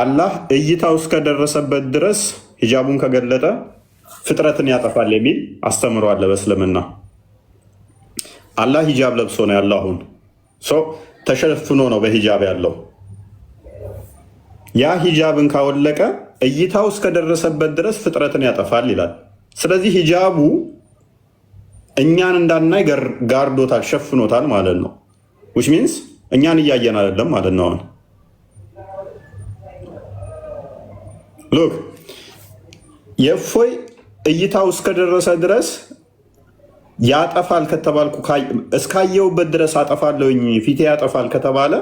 አላህ እይታው እስከደረሰበት ድረስ ሂጃቡን ከገለጠ ፍጥረትን ያጠፋል የሚል አስተምሮ አለ በእስልምና። አላህ ሂጃብ ለብሶ ነው ያለው። አሁን ሰው ተሸፍኖ ነው በሂጃብ ያለው። ያ ሂጃብን ካወለቀ እይታው እስከደረሰበት ድረስ ፍጥረትን ያጠፋል ይላል። ስለዚህ ሂጃቡ እኛን እንዳናይ ጋርዶታል፣ ሸፍኖታል ማለት ነው። ዊች ሚንስ እኛን እያየን አይደለም ማለት ነው አሁን ሎክ የእፎይ እይታው እስከደረሰ ድረስ ያጠፋል ከተባልኩ እስካየውበት ድረስ አጠፋለሁኝ ፊቴ ያጠፋል ከተባለ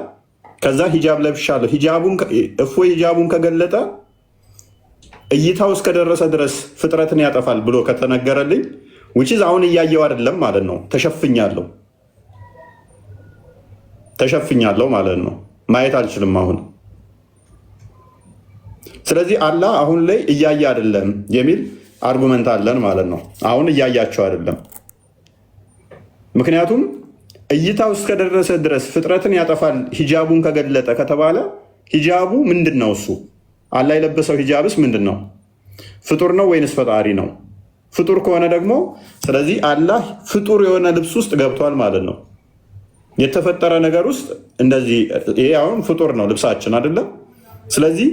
ከዛ ሂጃብ ለብሻለሁ። እፎ ሂጃቡን ከገለጠ እይታው እስከደረሰ ድረስ ፍጥረትን ያጠፋል ብሎ ከተነገረልኝ ውችዝ አሁን እያየው አይደለም ማለት ነው። ተሸፍኛለሁ ተሸፍኛለሁ ማለት ነው። ማየት አልችልም አሁን ስለዚህ አላህ አሁን ላይ እያየ አይደለም የሚል አርጉመንት አለን ማለት ነው። አሁን እያያቸው አይደለም። ምክንያቱም እይታው እስከደረሰ ድረስ ፍጥረትን ያጠፋል ሂጃቡን ከገለጠ ከተባለ ሂጃቡ ምንድን ነው? እሱ አላህ የለበሰው ሂጃብስ ምንድን ነው? ፍጡር ነው ወይንስ ፈጣሪ ነው? ፍጡር ከሆነ ደግሞ ስለዚህ አላህ ፍጡር የሆነ ልብስ ውስጥ ገብቷል ማለት ነው። የተፈጠረ ነገር ውስጥ እንደዚህ ይሄ አሁን ፍጡር ነው ልብሳችን አይደለም። ስለዚህ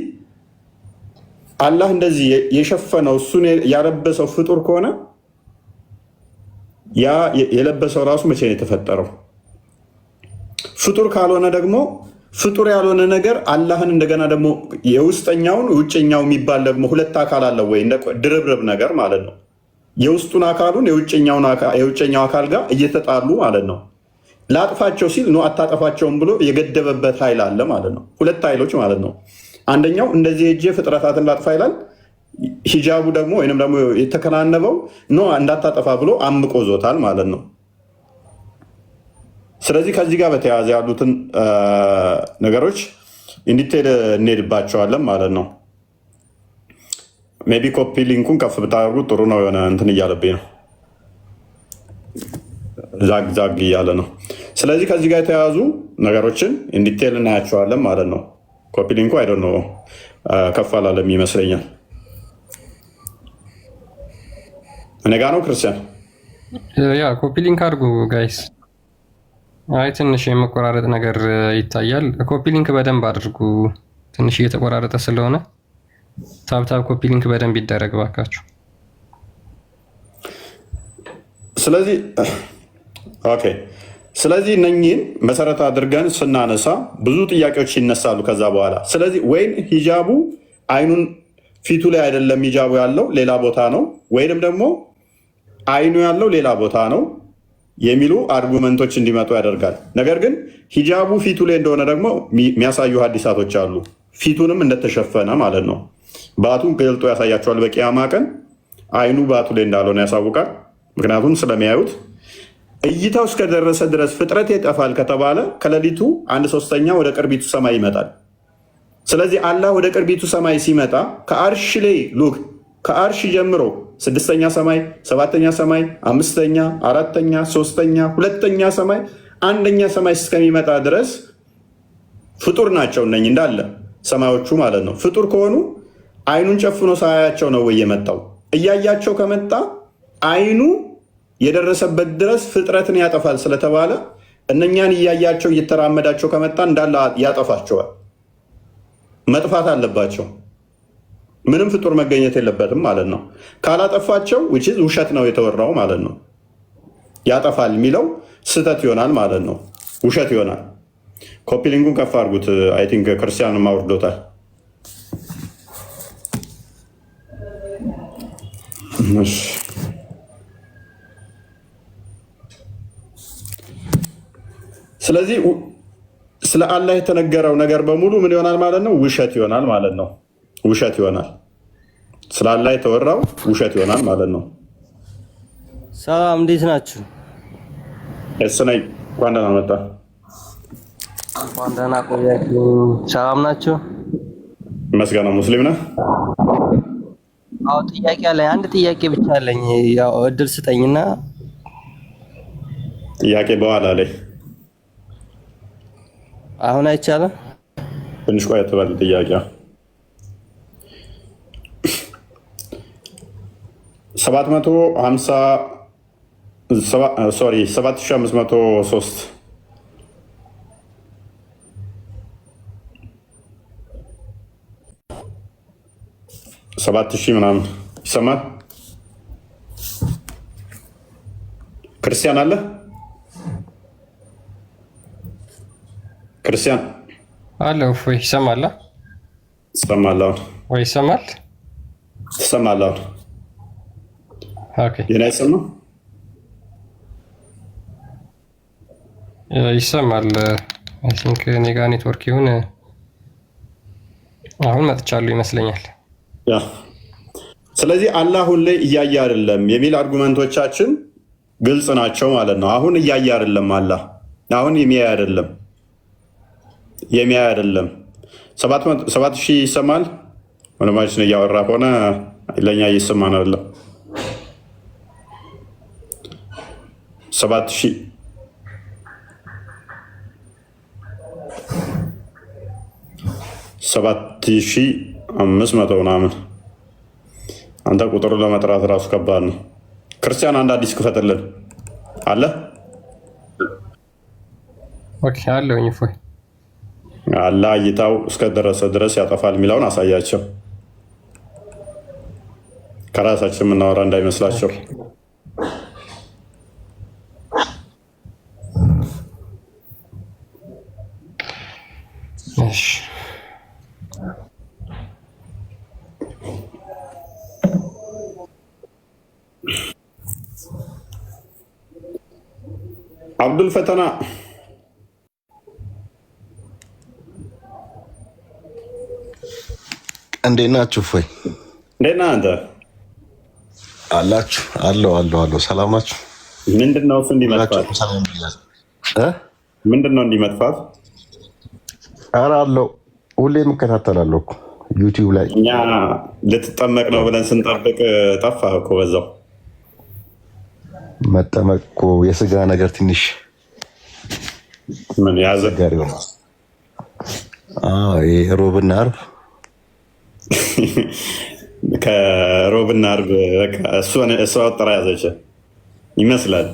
አላህ እንደዚህ የሸፈነው እሱን ያለበሰው ፍጡር ከሆነ ያ የለበሰው ራሱ መቼ ነው የተፈጠረው? ፍጡር ካልሆነ ደግሞ ፍጡር ያልሆነ ነገር አላህን እንደገና ደግሞ የውስጠኛውን ውጭኛው የሚባል ደግሞ ሁለት አካል አለው ወይ? ድርብርብ ነገር ማለት ነው። የውስጡን አካሉን የውጭኛው አካል ጋር እየተጣሉ ማለት ነው። ላጥፋቸው ሲል ኖ አታጠፋቸውም ብሎ የገደበበት ኃይል አለ ማለት ነው። ሁለት ኃይሎች ማለት ነው። አንደኛው እንደዚህ እጄ ፍጥረታትን ላጥፋ ይላል። ሂጃቡ ደግሞ ወይም ደግሞ የተከናነበው ኖ እንዳታጠፋ ብሎ አምቆ ዞታል ማለት ነው። ስለዚህ ከዚህ ጋር በተያያዘ ያሉትን ነገሮች እንዲቴል እንሄድባቸዋለን ማለት ነው። ሜቢ ኮፒ ሊንኩን ከፍ ብታደርጉ ጥሩ ነው። የሆነ እንትን እያለብኝ ነው፣ ዛግ እያለ ነው። ስለዚህ ከዚህ ጋር የተያያዙ ነገሮችን እንዲቴል እናያቸዋለን ማለት ነው። ኮፒ ሊንኩ አይ ነው ከፍ አላለም ይመስለኛል። እኔ ጋ ነው ክርስቲያን፣ ያ ኮፒ ሊንክ አድርጉ ጋይስ። አይ ትንሽ የመቆራረጥ ነገር ይታያል። ኮፒ ሊንክ በደንብ አድርጉ። ትንሽ እየተቆራረጠ ስለሆነ ታብታብ ኮፒ ሊንክ በደንብ ይደረግ ባካችሁ። ስለዚህ ኦኬ ስለዚህ እነኚህን መሰረት አድርገን ስናነሳ ብዙ ጥያቄዎች ይነሳሉ ከዛ በኋላ። ስለዚህ ወይም ሂጃቡ አይኑን ፊቱ ላይ አይደለም፣ ሂጃቡ ያለው ሌላ ቦታ ነው፣ ወይንም ደግሞ አይኑ ያለው ሌላ ቦታ ነው የሚሉ አርጉመንቶች እንዲመጡ ያደርጋል። ነገር ግን ሂጃቡ ፊቱ ላይ እንደሆነ ደግሞ የሚያሳዩ ሀዲሳቶች አሉ። ፊቱንም እንደተሸፈነ ማለት ነው። ባቱን ገልጦ ያሳያቸዋል። በቂያማ ቀን አይኑ ባቱ ላይ እንዳልሆነ ያሳውቃል። ምክንያቱም ስለሚያዩት እይታው እስከደረሰ ድረስ ፍጥረት ይጠፋል ከተባለ ከሌሊቱ አንድ ሶስተኛ ወደ ቅርቢቱ ሰማይ ይመጣል። ስለዚህ አላህ ወደ ቅርቢቱ ሰማይ ሲመጣ ከአርሽ ላይ ሉክ ከአርሽ ጀምሮ ስድስተኛ ሰማይ፣ ሰባተኛ ሰማይ፣ አምስተኛ፣ አራተኛ፣ ሶስተኛ፣ ሁለተኛ ሰማይ፣ አንደኛ ሰማይ እስከሚመጣ ድረስ ፍጡር ናቸው እነኝ እንዳለ ሰማዮቹ ማለት ነው። ፍጡር ከሆኑ አይኑን ጨፍኖ ሰያቸው ነው ወይ የመጣው? እያያቸው ከመጣ አይኑ የደረሰበት ድረስ ፍጥረትን ያጠፋል ስለተባለ እነኛን እያያቸው እየተራመዳቸው ከመጣ እንዳለ ያጠፋቸዋል። መጥፋት አለባቸው። ምንም ፍጡር መገኘት የለበትም ማለት ነው። ካላጠፋቸው ውሸት ነው የተወራው ማለት ነው። ያጠፋል የሚለው ስህተት ይሆናል ማለት ነው። ውሸት ይሆናል። ኮፒሊንጉን ከፍ አድርጉት። አይ ቲንክ ክርስቲያንም አውርዶታል። እሺ ስለዚህ ስለ አላህ የተነገረው ነገር በሙሉ ምን ይሆናል ማለት ነው? ውሸት ይሆናል ማለት ነው። ውሸት ይሆናል። ስለ አላህ የተወራው ውሸት ይሆናል ማለት ነው። ሰላም፣ እንዴት ናችሁ? እስነኝ እንኳን ደህና መጣ። እንኳን ደህና ቆያችሁ። ሰላም ናችሁ? መስጋና ሙስሊም ነህ? አዎ። ጥያቄ አለ። አንድ ጥያቄ ብቻ አለኝ። ያው እድል ስጠኝና ጥያቄ በኋላ ላይ አሁን አይቻልም። ትንሽ ቆየት ባለ ጥያቄ ሰባት መቶ ሀምሳ ሶሪ ሰባት ሺህ አምስት መቶ ሶስት ሰባት ሺህ ምናምን ይሰማል። ክርስቲያን አለ ክርስቲያን አለ ወይ ይሰማል? ይሰማል ወይ ይሰማል? ይሰማል። ኦኬ የኔ አይሰማ ይሰማል። አይ ቲንክ እኔ ጋር ኔትወርክ ይሁን። አሁን መጥቻለሁ ይመስለኛል። ስለዚህ አላህ ላይ እያየ አይደለም የሚል አርጉመንቶቻችን ግልጽ ናቸው ማለት ነው። አሁን እያየ አይደለም አላህ አሁን የሚያይ አይደለም የሚያ አይደለም። ሰባት ሺህ ይሰማል ወንድማችን እያወራ ከሆነ ለእኛ እየሰማን አይደለም። ሰባት ሺህ ሰባት ሺህ አምስት መቶ ምናምን አንተ ቁጥሩ ለመጥራት እራሱ ከባድ ነው። ክርስቲያን አንድ አዲስ ክፈትልን አለ አለሁኝ። እፎይ አላህ እይታው እስከደረሰ ድረስ ያጠፋል የሚለውን አሳያቸው። ከራሳችን የምናወራ እንዳይመስላቸው። አብዱል ፈተና እንዴት ናችሁ? እፎይ እንዴት ነህ አንተ? አላችሁ አለው አለው አለው። ሰላም ናችሁ? ምንድን ነው እሱ እንዲመጥፋት ምንድን ነው እንዲመጥፋት? ኧረ አለው ሁሌም እከታተላለሁ እኮ ዩቲዩብ ላይ እኛ ልትጠመቅ ነው ብለን ስንጠብቅ ጠፋህ እኮ በዛው። መጠመቅ እኮ የስጋ ነገር ትንሽ ምን ያዘ ጋር ይሆናል። ሮብና አርብ ከሮብና አርብ እሷ ወጠራ ያዘች ይመስላል።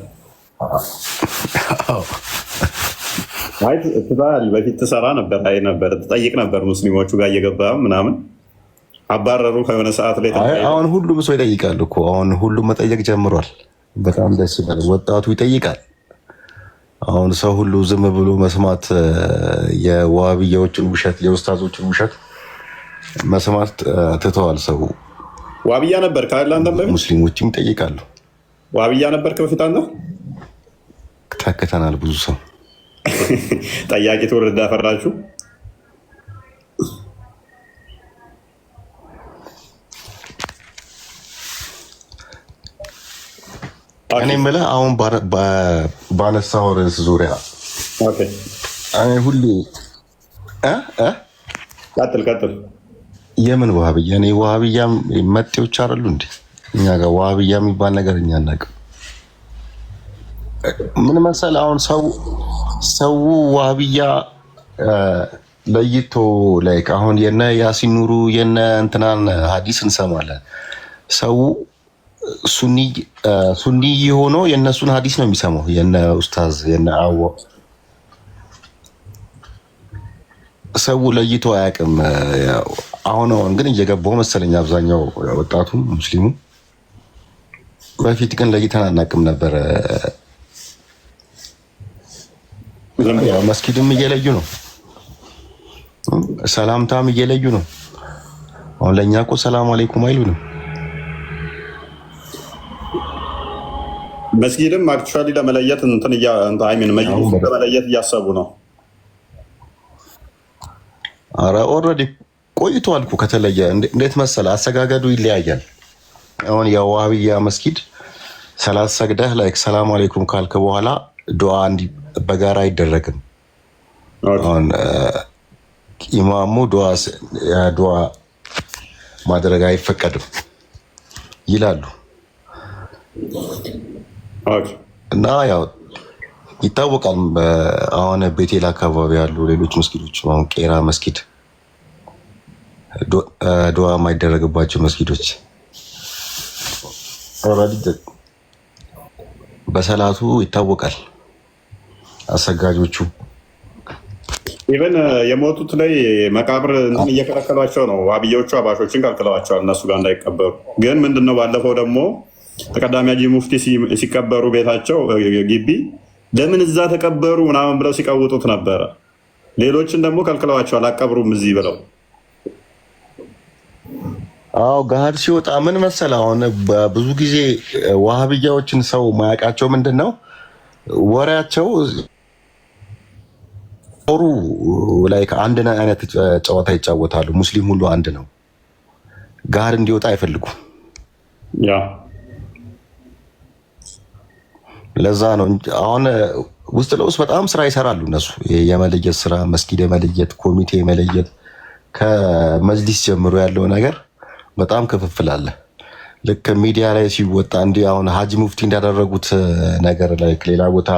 ትባል በፊት ትሰራ ነበር፣ አይ ነበር ትጠይቅ ነበር ሙስሊሞቹ ጋር እየገባ ምናምን አባረሩ ከሆነ ሰዓት ላይ። አሁን ሁሉም ሰው ይጠይቃል እኮ አሁን ሁሉም መጠየቅ ጀምሯል። በጣም ደስ ይላል። ወጣቱ ይጠይቃል። አሁን ሰው ሁሉ ዝም ብሎ መስማት የዋብያዎችን ውሸት የውስታዞችን ውሸት መስማት ትተዋል። ሰው ዋብያ ነበር ከአንተ ሙስሊሞችም ይጠይቃሉ። ዋብያ ነበር ከበፊት አንተ ታክተናል። ብዙ ሰው ጠያቂ ትውልድ አፈራችሁ። እኔ የምልህ አሁን ባነሳው ርዕስ ዙሪያ ሁሌ ቀጥል ቀጥል የምን ዋሃብያ? እኔ ዋሃብያ መጤዎች አይደሉ እንዴ? እኛ ጋር ዋሃብያ የሚባል ነገር እኛ አናውቅም። ምን መሰል አሁን ሰው ሰው ዋሃብያ ለይቶ ላይክ አሁን የነ ያሲን ኑሩ የነ እንትናን ሀዲስ እንሰማለን። ሰው ሱኒ ሱኒ ሆኖ የእነሱን ሀዲስ ነው የሚሰማው የነ ኡስታዝ የነ አወ ሰው ለይቶ አያውቅም። አሁን አሁን ግን እየገባው መሰለኝ አብዛኛው ወጣቱም ሙስሊሙ። በፊት ግን ለይተን አናውቅም ነበረ። መስጊድም እየለዩ ነው፣ ሰላምታም እየለዩ ነው። አሁን ለእኛ እኮ ሰላም አለይኩም ነው። መስጊድም አክቹዋሊ ለመለየት እንትን ለመለየት እያሰቡ ነው ኧረ ኦልሬዲ ቆይቶ አልኩ። ከተለየ እንዴት መሰለ አሰጋገዱ ይለያያል። አሁን የዋህብያ መስጊድ ሰላት ሰግደህ ላይክ ሰላም አሌይኩም ካልክ በኋላ ዱዓ በጋራ አይደረግም። አሁን ኢማሙ ዱዓ ማድረግ አይፈቀድም ይላሉ እና ያው ይታወቃል። አሁን ቤቴል አካባቢ ያሉ ሌሎች መስጊዶች አሁን ቄራ መስጊድ ዱዓ የማይደረግባቸው መስጊዶች በሰላቱ ይታወቃል። አሰጋጆቹ ኢቨን የሞቱት ላይ መቃብር እንትን እየከለከሏቸው ነው። አብዮቹ አባሾችን ከልክለዋቸዋል እነሱ ጋር እንዳይቀበሩ። ግን ምንድነው ባለፈው ደግሞ ተቀዳሚ ሙፍቲ ሲቀበሩ ቤታቸው ግቢ ለምን እዛ ተቀበሩ ምናምን ብለው ሲቀውጡት ነበረ። ሌሎችን ደግሞ ከልክለዋቸዋል፣ አቀብሩም እዚህ ብለው አዎ ጋር ሲወጣ ምን መሰል አሁን ብዙ ጊዜ ዋህብያዎችን ሰው ማያውቃቸው ምንድን ነው ወሬያቸው ጦሩ ላይ አንድ አይነት ጨዋታ ይጫወታሉ። ሙስሊም ሁሉ አንድ ነው። ጋር እንዲወጣ አይፈልጉም። ለዛ ነው አሁን ውስጥ ለውስጥ በጣም ስራ ይሰራሉ እነሱ የመለየት ስራ፣ መስጊድ የመለየት ኮሚቴ የመለየት ከመጅሊስ ጀምሮ ያለው ነገር በጣም ክፍፍል አለ። ልክ ሚዲያ ላይ ሲወጣ እንዲህ አሁን ሀጂ ሙፍቲ እንዳደረጉት ነገር ላይ ሌላ ቦታ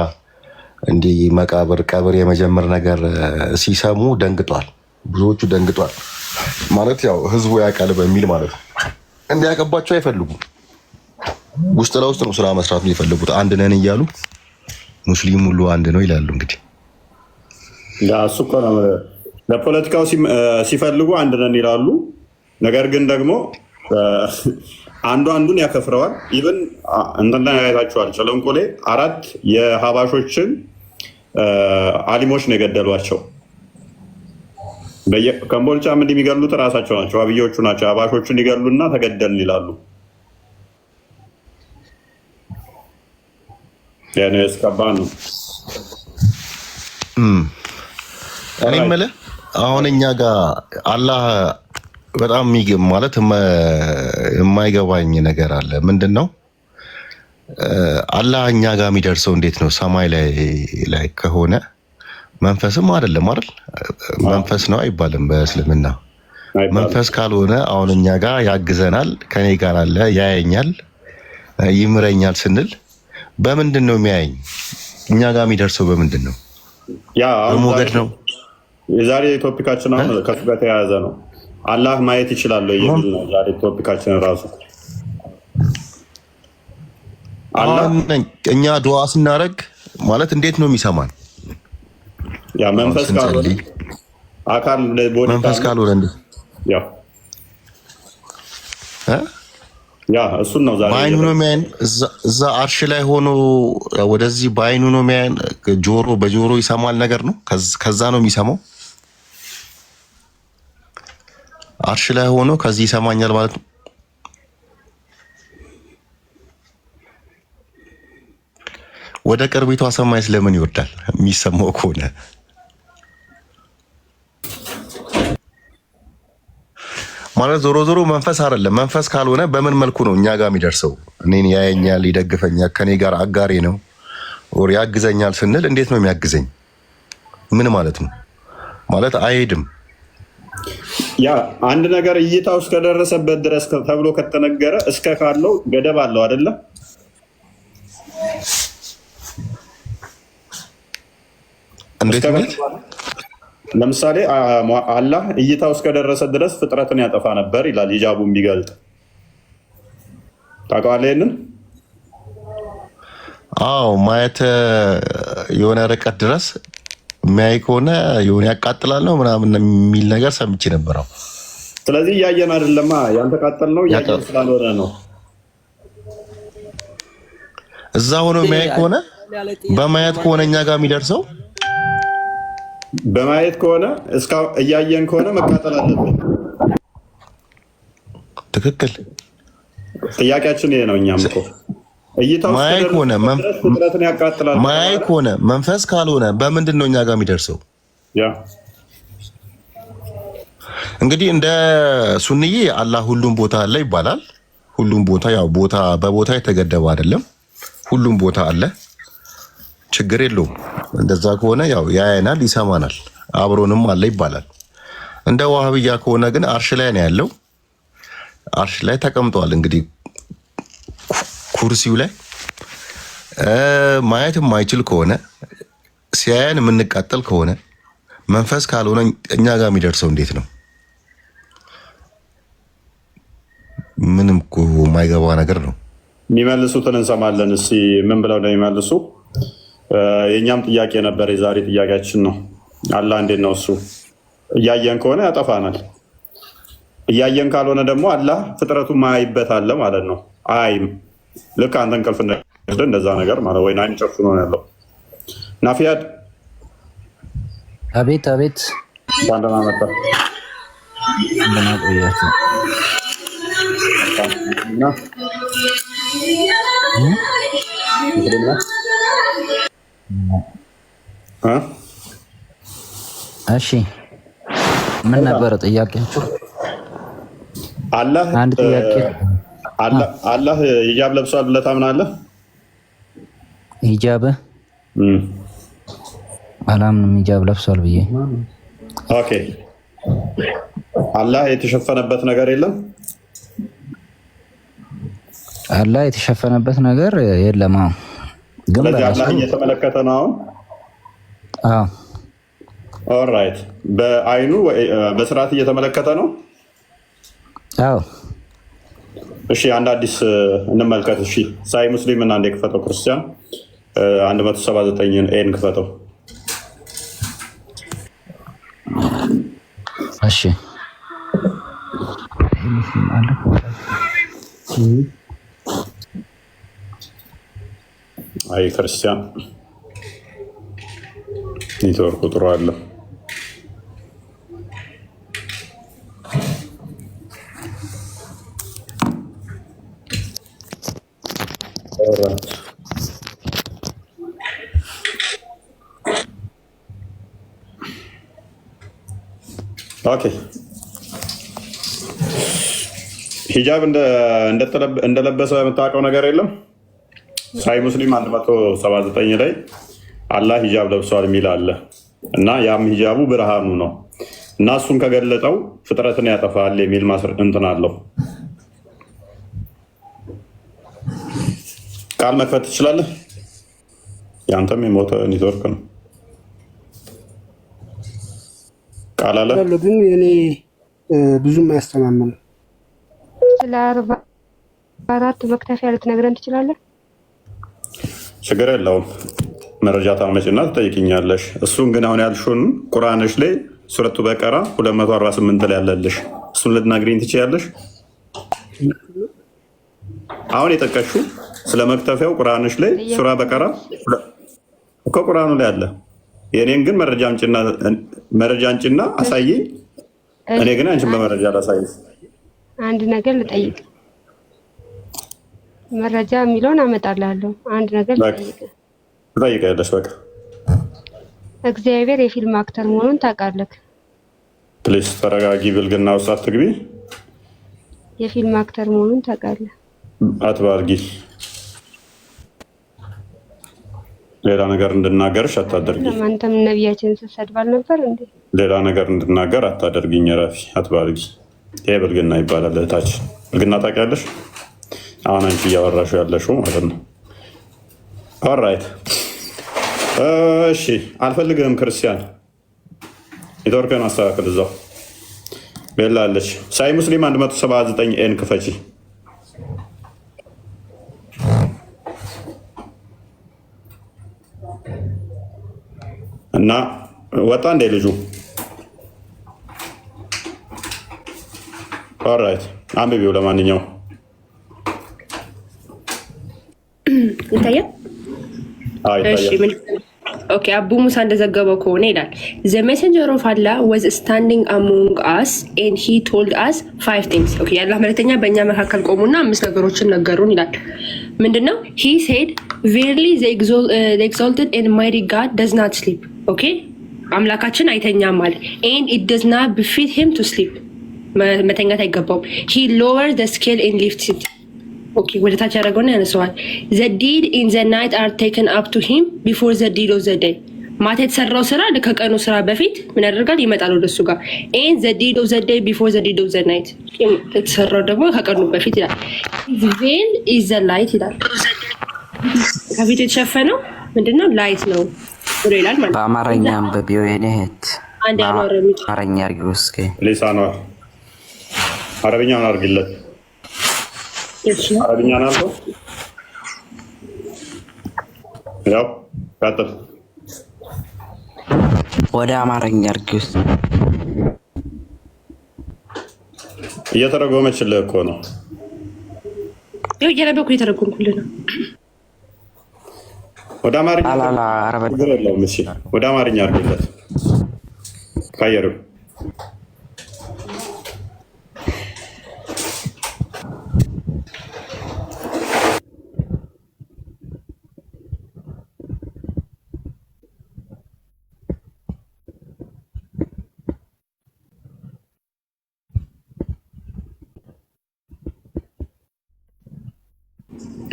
እንዲህ መቃብር ቀብር የመጀመር ነገር ሲሰሙ ደንግጧል። ብዙዎቹ ደንግጧል ማለት ያው ህዝቡ ያውቃል በሚል ማለት ነው። እንዲያቀባቸው አይፈልጉም። ውስጥ ለውስጥ ነው ስራ መስራት የሚፈልጉት አንድ ነን እያሉ ሙስሊም ሁሉ አንድ ነው ይላሉ። እንግዲህ እሱ እኮ ነው ለፖለቲካው ሲፈልጉ አንድ ነን ይላሉ። ነገር ግን ደግሞ አንዱ አንዱን ያከፍረዋል። ኢቨን እንትን ላይ አይታችኋል። ጨለንቆ አራት የሀባሾችን አሊሞች ነው የገደሏቸው። ከምቦልጫም እንዲህ የሚገሉት እራሳቸው ናቸው፣ አብዮቹ ናቸው። ሀባሾቹን ይገሉና ተገደልን ይላሉ። ያን ያስቀባ ነው። እኔ የምልህ አሁን እኛ ጋር አላህ በጣም ማለት የማይገባኝ ነገር አለ። ምንድን ነው አላህ እኛ ጋር የሚደርሰው እንዴት ነው? ሰማይ ላይ ላይ ከሆነ መንፈስም አይደለም አይደል? መንፈስ ነው አይባልም በእስልምና መንፈስ ካልሆነ አሁን እኛ ጋር ያግዘናል፣ ከኔ ጋር አለ፣ ያየኛል፣ ይምረኛል ስንል በምንድን ነው የሚያየኝ? እኛ ጋር የሚደርሰው በምንድን ነው? በሞገድ ነው። የዛሬ ቶፒካችን አሁን ከሱ ጋር ተያያዘ ነው። አላህ ማየት ይችላል ነው ዛሬ ቶፒካችን ራሱ። እኛ ድዋ ስናደርግ ማለት እንዴት ነው የሚሰማን? መንፈስ ካልሆነ አካል መንፈስ ካልሆነ እሱን ነው ዛሬ በአይኑ ነው የሚያየን። እዛ አርሽ ላይ ሆኖ ወደዚህ በአይኑ ነው የሚያየን። ጆሮ በጆሮ ይሰማል ነገር ነው። ከዛ ነው የሚሰማው። አርሽ ላይ ሆኖ ከዚህ ይሰማኛል ማለት ነው። ወደ ቅርቢቷ ሰማይ ስለምን ይወርዳል? የሚሰማው ከሆነ ማለት ዞሮ ዞሮ መንፈስ አይደለም። መንፈስ ካልሆነ በምን መልኩ ነው እኛ ጋር የሚደርሰው? እኔን ያየኛል፣ ይደግፈኛል፣ ከኔ ጋር አጋሬ ነው ወር ያግዘኛል ስንል እንዴት ነው የሚያግዘኝ? ምን ማለት ነው? ማለት አይሄድም። ያ አንድ ነገር እይታው እስከደረሰበት ድረስ ተብሎ ከተነገረ እስከ ካለው ገደብ አለው አይደለም? እንዴት ለምሳሌ አላህ እይታ እስከደረሰ ድረስ ፍጥረትን ያጠፋ ነበር ይላል ሂጃቡ የሚገልጥ ታውቀዋለህ? ይህንን አዎ፣ ማየት የሆነ ርቀት ድረስ የሚያይ ከሆነ የሆነ ያቃጥላል ነው ምናምን የሚል ነገር ሰምቼ ነበረው። ስለዚህ እያየን አይደለማ፣ ያልተቃጠል ነው እያየን ስላልሆነ ነው። እዛ ሆኖ የሚያይ ከሆነ በማየት ከሆነ እኛ ጋር የሚደርሰው በማየት ከሆነ እስካሁን እያየን ከሆነ መቃጠል አለብን። ትክክል። ጥያቄያችን ይሄ ነው። እኛም እኮ ማያ ከሆነ መንፈስ ካልሆነ በምንድን ነው እኛ ጋር የሚደርሰው? እንግዲህ እንደ ሱንዬ አላህ ሁሉም ቦታ አለ ይባላል። ሁሉም ቦታ ያው ቦታ በቦታ የተገደበ አይደለም። ሁሉም ቦታ አለ ችግር የለውም። እንደዛ ከሆነ ያው ያያናል፣ ይሰማናል፣ አብሮንም አለ ይባላል። እንደ ዋህብያ ከሆነ ግን አርሽ ላይ ነው ያለው። አርሽ ላይ ተቀምጧል። እንግዲህ ኩርሲው ላይ ማየት የማይችል ከሆነ ሲያየን የምንቃጠል ከሆነ መንፈስ ካልሆነ እኛ ጋር የሚደርሰው እንዴት ነው? ምንም እኮ የማይገባ ነገር ነው። የሚመልሱትን እንሰማለን። እስኪ ምን ብለው ነው የሚመልሱ? የእኛም ጥያቄ ነበር። የዛሬ ጥያቄያችን ነው። አላህ እንዴት ነው እሱ እያየን ከሆነ ያጠፋናል። እያየን ካልሆነ ደግሞ አላህ ፍጥረቱ ማያይበት አለ ማለት ነው። አይም ልክ አንተ እንቅልፍ እንደወስደ እንደዛ ነገር ማለት ወይ አይን ጨፍኖ ነው ያለው። ናፊያድ አቤት አቤት ባንደና መጣ ና እሺ ምን ነበረ ጥያቄያችሁ? አላህ አንድ ጥያቄ አላህ ሂጃብ ለብሷል ብለህ ታምናለህ? ሂጃብ አላምንም። ሂጃብ ለብሷል ብዬ ኦኬ። አላህ የተሸፈነበት ነገር የለም። አላህ የተሸፈነበት ነገር የለም። ስለዚህ አላህ እየተመለከተ ነው አሁን ኦራይት በአይኑ በስርዓት እየተመለከተ ነው። እሺ አንድ አዲስ እንመልከት። እሺ ሳይ ሙስሊም እና አንዴ ክፈተው ክርስቲያን 179 ኤን ክፈተው። እሺ አይ ክርስቲያን ኔትወርክ ጥሩ አለ። ኦኬ ሂጃብ እንደለበሰ የምታውቀው ነገር የለም። ሳይ ሙስሊም 179 ላይ አላህ ሂጃብ ለብሷል የሚል አለ እና ያም ሂጃቡ ብርሃኑ ነው እና እሱን ከገለጠው ፍጥረትን ያጠፋል የሚል እንትን አለው። ቃል መክፈት ትችላለህ። ያንተም የሞተ ኔትወርክ ነው። ቃል አለ ግን ብዙም አያስተማምንም። ስለ አርባ አራት መክተፊያ ልትነግረን ትችላለህ? ችግር የለውም። መረጃ ታመጭና ትጠይቅኛለሽ። እሱን ግን አሁን ያልሽውን ቁርአንሽ ላይ ሱረቱ በቀራ 248 ላይ ያለልሽ እሱን ልትናግሪኝ ትችያለሽ። አሁን የጠቀሽው ስለ መክተፊያው ቁርአንሽ ላይ ሱራ በቀራ እኮ ቁርአኑ ላይ አለ። የእኔን ግን መረጃ አንጭና አሳይኝ። እኔ ግን አንቺን በመረጃ ላሳይ አንድ ነገር ልጠይቅ መረጃ የሚለውን አመጣላለሁ። አንድ ነገር ትጠይቀያለሽ። በቃ እግዚአብሔር የፊልም አክተር መሆኑን ታውቃለህ። ፕሊስ ተረጋጊ፣ ብልግና ውስጥ አትግቢ። የፊልም አክተር መሆኑን ታውቃለህ። አትባርጊ። ሌላ ነገር እንድናገርሽ አታደርጊ። አንተም ነቢያችንን ስትሰድባል ነበር እንዴ? ሌላ ነገር እንድናገር አታደርጊኝ። ረፊ አትባርጊ። ይሄ ብልግና ይባላል። እህታችን ብልግና ታውቂያለሽ። አሁን አንቺ እያወራሹ ያለሽው ማለት ነው። ኦራይት እሺ፣ አልፈልግህም ክርስቲያን ኔትወርክን አስተካክል። እዛው ቤላ ሳይ ሙስሊም 179 ኤን ክፈቺ። እና ወጣ እንደ ልጁ ኦራይት አንብቢው ለማንኛውም ይታያል። ኦኬ አቡ ሙሳ እንደዘገበው ከሆነ ይላል ዘ ሜሴንጀር ኦፍ አላ ወዝ ስታንዲንግ አሞንግ አስ ን ሂ ቶልድ አስ ፋይቭ ቲንግስ የአላህ መልእክተኛ በእኛ መካከል ቆሙና አምስት ነገሮችን ነገሩን ይላል። ምንድነው? ሂ ሴድ ቬርሊ ኤግዛልትድ ን ማይሪ ጋድ ደዝ ናት ስሊፕ። ኦኬ አምላካችን አይተኛም አለ። ን ኢት ደዝ ናት ብፊት ሂም ቱ ስሊፕ መተኛት አይገባውም። ሂ ሎወር ዘ ስኬል ን ሊፍት ኦኬ ወደ ታች ያደረገውና ያነሰዋል። ዘ ዲድ ኢን ዘ ናይት አር ቴክን አፕ ቱ ሂም ቢፎር ዘ ዲድ ኦፍ ዘ ደይ። ማታ የተሰራው ስራ ከቀኑ ስራ በፊት ምን ያደርጋል? ይመጣል ወደ ወደሱ ጋር። ኤን ዘ ዲድ ኦፍ ዘ ደይ ቢፎር ዘ ዲድ ኦፍ ዘ ናይት፣ የተሰራው ደግሞ ከቀኑ በፊት ይላል። ዜን ኢዝ ዘ ላይት ይላል። ከፊት የተሸፈነው ምንድነው? ላይት ነው ብሎ ይላል ማለት ነው። በአማርኛ አንብቢው የኔ እህት አንድ ያኖረ ሚጫ አማርኛ አርጊ ውስጥ ሌሳ ነው አረብኛውን አርግለት አረብኛ ናልከው ያው ቀጥል። ወደ አማርኛ እርጊውስ እየተረጎመችልህ እኮ ነው። ይኸው እያነበብኩ እየተረጎምኩልህ ነው። ወደ አማርኛ ወደ አማርኛ አርግለት ካየርም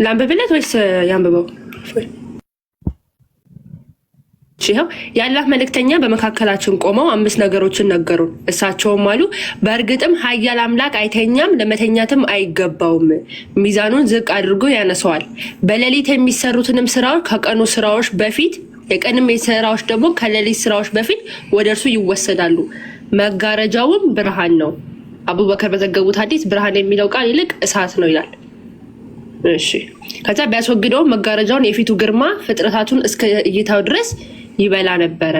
ላንብብለት ወይስ ያንብበው? ይኸው የአላህ መልእክተኛ በመካከላችን ቆመው አምስት ነገሮችን ነገሩን። እሳቸውም አሉ በእርግጥም ኃያል አምላክ አይተኛም ለመተኛትም አይገባውም። ሚዛኑን ዝቅ አድርጎ ያነሰዋል። በሌሊት የሚሰሩትንም ስራዎች ከቀኑ ስራዎች በፊት የቀንም ስራዎች ደግሞ ከሌሊት ስራዎች በፊት ወደ እርሱ ይወሰዳሉ። መጋረጃውም ብርሃን ነው። አቡበከር በዘገቡት ሐዲስ ብርሃን የሚለው ቃል ይልቅ እሳት ነው ይላል። እሺ ከዛ ቢያስወግደው መጋረጃውን የፊቱ ግርማ ፍጥረታቱን እስከ እይታው ድረስ ይበላ ነበረ።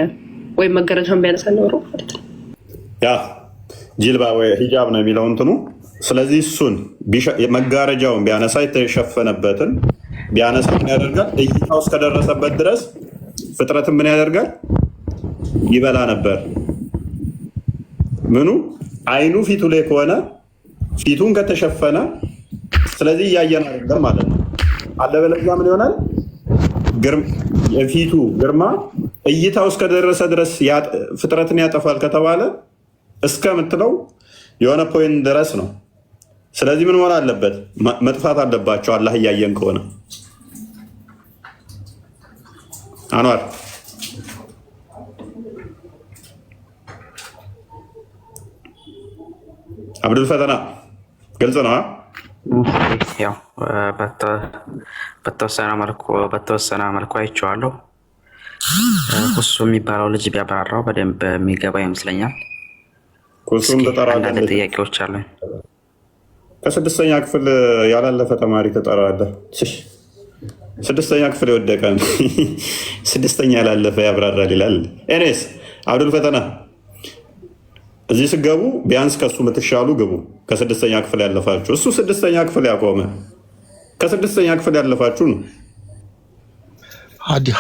ወይም መጋረጃውን ቢያነሳ ነበሩ ነው። ያ ጅልባ ወይ ሂጃብ ነው የሚለው እንትኑ። ስለዚህ እሱን መጋረጃውን ቢያነሳ የተሸፈነበትን ቢያነሳ ምን ያደርጋል? እይታው እስከደረሰበት ድረስ ፍጥረትን ምን ያደርጋል? ይበላ ነበር። ምኑ አይኑ ፊቱ ላይ ከሆነ ፊቱን ከተሸፈነ ስለዚህ እያየን አይደለም ማለት ነው። አለበለዚያ ምን ይሆናል? የፊቱ ግርማ እይታው እስከደረሰ ድረስ ፍጥረትን ያጠፋል ከተባለ እስከ ምትለው የሆነ ፖይንት ድረስ ነው። ስለዚህ ምን መሆን አለበት? መጥፋት አለባቸው። አላህ እያየን ከሆነ አኗር አብዱል ፈተና ግልጽ ነው። ያው በተወሰነ መልኩ በተወሰነ መልኩ አይቼዋለሁ። ኩሱ የሚባለው ልጅ ቢያብራራው በደንብ የሚገባ ይመስለኛል። ኩሱም ጥያቄዎች አሉኝ። ከስድስተኛ ክፍል ያላለፈ ተማሪ ተጠራለ። ስድስተኛ ክፍል የወደቀ ስድስተኛ ያላለፈ ያብራራል ይላል። ኤኔስ አብዱል ፈተና እዚህ ስገቡ ቢያንስ ከሱ የምትሻሉ ግቡ። ከስድስተኛ ክፍል ያለፋችሁ እሱ ስድስተኛ ክፍል ያቆመ ከስድስተኛ ክፍል ያለፋችሁ ነው።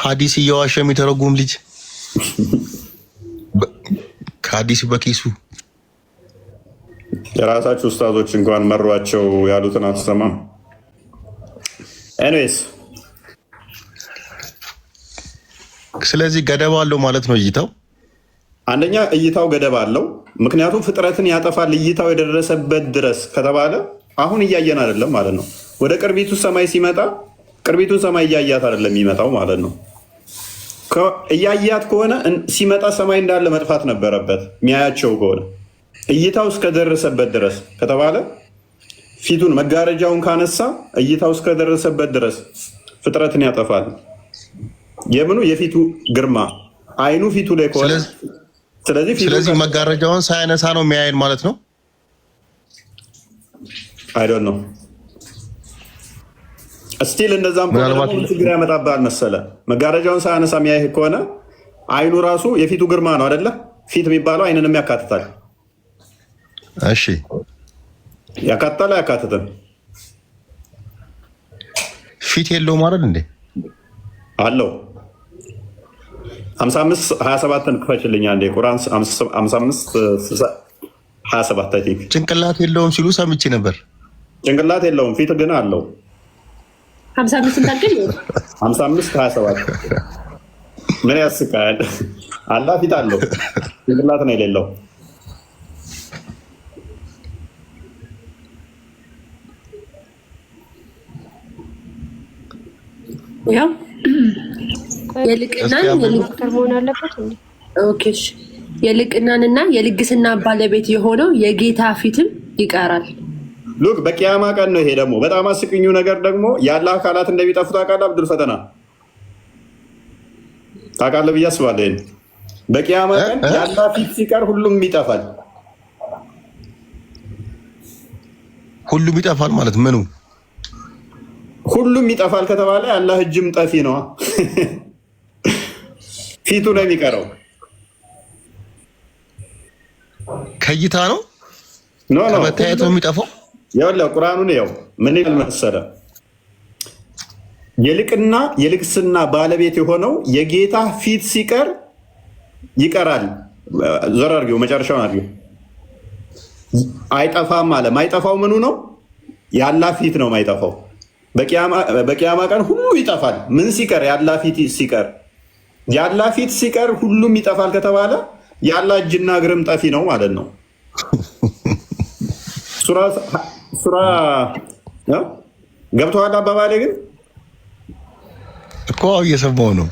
ሀዲስ እየዋሸ የሚተረጉም ልጅ ከሀዲስ በኪሱ የራሳችሁ ውስታዞች እንኳን መሯቸው ያሉትን አትሰማም። ኤኒዌይስ ስለዚህ ገደባ አለው ማለት ነው እይታው አንደኛ እይታው ገደብ አለው። ምክንያቱም ፍጥረትን ያጠፋል እይታው የደረሰበት ድረስ ከተባለ አሁን እያየን አይደለም ማለት ነው። ወደ ቅርቢቱ ሰማይ ሲመጣ ቅርቢቱን ሰማይ እያያት አይደለም የሚመጣው ማለት ነው። እያያት ከሆነ ሲመጣ ሰማይ እንዳለ መጥፋት ነበረበት። ሚያያቸው ከሆነ እይታው እስከደረሰበት ድረስ ከተባለ ፊቱን መጋረጃውን ካነሳ እይታው እስከደረሰበት ድረስ ፍጥረትን ያጠፋል። የምኑ የፊቱ ግርማ አይኑ ፊቱ ላይ ከሆነ ስለዚህ መጋረጃውን ሳያነሳ ነው የሚያየን ማለት ነው። አይዶን ነው እስቲል እንደዛም ችግር ያመጣብሃል መሰለ። መጋረጃውን ሳያነሳ የሚያይህ ከሆነ አይኑ ራሱ የፊቱ ግርማ ነው አደለ? ፊት የሚባለው አይንንም ያካትታል። እሺ ያካትታል አያካትትም? ፊት የለውም አይደል እንዴ? አለው ሀያሰባትን ክፈችልኝ ቁርአን ጭንቅላት የለውም ሲሉ ሰምቼ ነበር። ጭንቅላት የለውም ፊት ግን አለው። ምን ያስቃል? አላ ፊት አለው፣ ጭንቅላት ነው የሌለው። ያው የልቅናንና የልግስና ባለቤት የሆነው የጌታ ፊትም ይቀራል። ሉክ በቅያማ ቀን ነው። ይሄ ደግሞ በጣም አስቂኙ ነገር ደግሞ ያለ አካላት እንደሚጠፉ ታውቃለህ። አብዱል ፈተና ታውቃለህ ብዬ አስባለሁ። ይሄን በቅያማ ቀን ያለ ፊት ሲቀር ሁሉም ይጠፋል። ሁሉም ይጠፋል ማለት ምኑ? ሁሉም ይጠፋል ከተባለ አላህ እጅም ጠፊ ነዋ። ፊቱ ነው የሚቀረው። ከእይታ ነው ኖ ኖ ከመታየት ነው የሚጠፋው። ያው ቁርአኑን ያው ምን ይል መሰለ የልቅና የልቅስና ባለቤት የሆነው የጌታ ፊት ሲቀር ይቀራል። ዞር አድርጊው፣ መጨረሻውን አድርጊው። አይጠፋም አለ። ማይጠፋው ምኑ ነው? ያላ ፊት ነው ማይጠፋው። በቂያማ ቀን ሁሉ ይጠፋል። ምን ሲቀር? ያላ ፊት ሲቀር ያላ ፊት ሲቀር ሁሉም ይጠፋል ከተባለ ያላ እጅና እግርም ጠፊ ነው ማለት ነው። ሱራ ገብተዋል አባባሌ ግን እኮ እየሰማው ነው።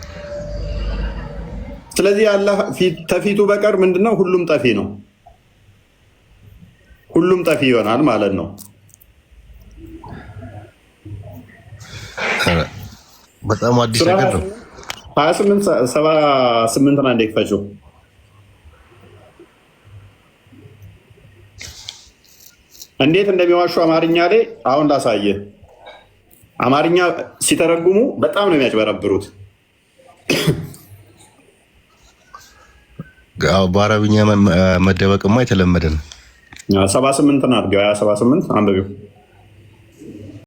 ስለዚህ ያላ ተፊቱ በቀር ምንድነው ሁሉም ጠፊ ነው። ሁሉም ጠፊ ይሆናል ማለት ነው። በጣም አዲስ ነገር ነው። ሀያ ስምንት ሰባ ስምንት ነው። አንዴ ክፈችው። እንዴት እንደሚዋሹ አማርኛ ላይ አሁን ላሳየ። አማርኛ ሲተረጉሙ በጣም ነው የሚያጭበረብሩት። በአረብኛ መደበቅማ የተለመደ ነው። ሰባ ስምንትን አድርገው ሀያ ሰባ ስምንት አንብቢው